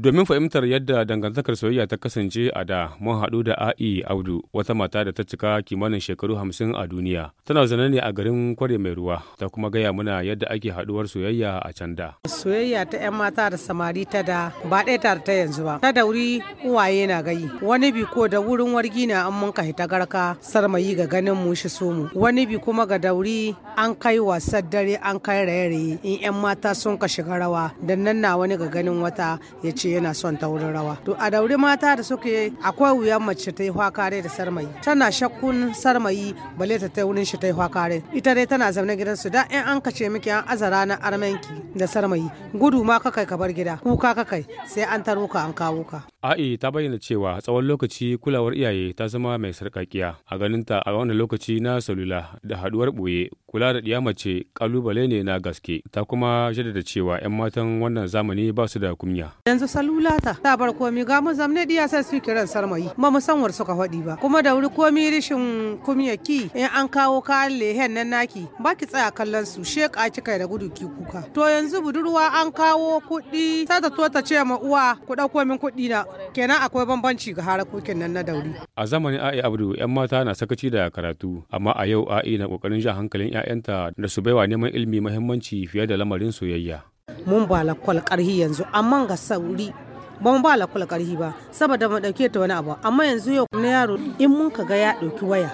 Domin fahimtar yadda dangantakar soyayya ta kasance a da mun haɗu da A'i Audu wata mata da ta cika kimanin shekaru hamsin a duniya. Tana zana ne a garin kware mai ruwa ta kuma gaya muna yadda ake haɗuwar soyayya a can da. Soyayya ta 'yan mata da samari ta da ba ɗaya ta ta yanzu ba. Ta da wuri uwaye na gayi. Wani bi ko da wurin wargi na an mun kai ta garka sarmayi ga ganin mu shi so mu. Wani bi kuma ga dauri an kai wasan dare an kai raye-raye in 'yan mata sun ka shiga rawa. Dan nan na wani ga ganin wata ya ce yana son taurin rawa to a daure mata da suke akwai wuyan mace ta yi hwakare da sarmayi tana shakkun sarmayi bale ta ta wurin shi ta yi hwakare ita dai tana zaune gidan su da in an kace miki an azara na armenki da sarmayi gudu ma kakai ka bar gida kuka kakai sai an taro ka an kawo ka a'i ta bayyana cewa tsawon lokaci kulawar iyaye ta zama mai sarkakiya a ganinta a wannan lokaci na salula da haɗuwar boye kula da ɗiya mace kalubale ne na gaske ta kuma jaddada cewa 'yan matan wannan zamani ba su da kunya yanzu salulata ta bar komi ga mu zamne diya sai su kiran sarmayi ma mu san war suka faɗi ba kuma da wuri komi rishin kumyaki in an kawo kayan lehen nan naki ba ki tsaya kallon su sheka ki kai da gudu ki kuka to yanzu budurwa an kawo kuɗi sai ta to ta ce ma uwa ku dauko min kuɗi na kenan akwai bambanci ga harakokin nan na dauri a zamanin A'i Abdu yan mata na sakaci da karatu amma a yau A'i na kokarin jan hankalin 'ya'yanta da su baiwa neman ilimi muhimmanci fiye da lamarin soyayya mun ba lakwal karhi yanzu amma ga sauri ba mun ba lakwal karhi ba saboda mu dauke ta wani abu amma yanzu yau na yaro in mun ka ga ya dauki waya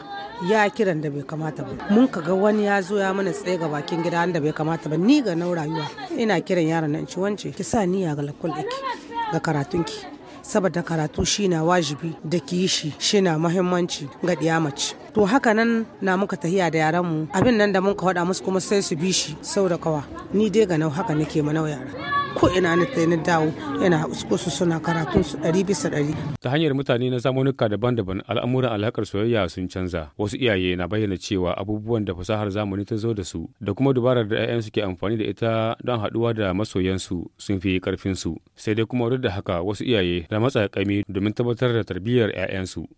ya kiran da bai kamata ba mun ka ga wani ya zo ya mana tsaye ga bakin gida wanda bai kamata ba ni ga na rayuwa ina kiran yaron nan ci wance ki sa niyya ga lakul ga karatunki saboda karatu shi na wajibi da kishi shi na muhimmanci ga mace. to haka nan na muka tahiya da yaran mu abin nan da muka faɗa musu kuma sai su bi shi sau da kawa ni dai ga nau haka nake ma nau yara ko ina na ta na dawo yana su suna karatun su ɗari bisa ɗari. Ta hanyar mutane na zamanuka daban-daban al'amuran alhakar soyayya sun canza. Wasu iyaye na bayyana cewa abubuwan da fasahar zamani ta zo da su da kuma dubarar da 'ya'yansu ke amfani da ita don haɗuwa da masoyansu sun fi ƙarfinsu. Sai dai kuma duk da haka wasu iyaye na matsa ƙami domin tabbatar da tarbiyyar 'ya'yansu.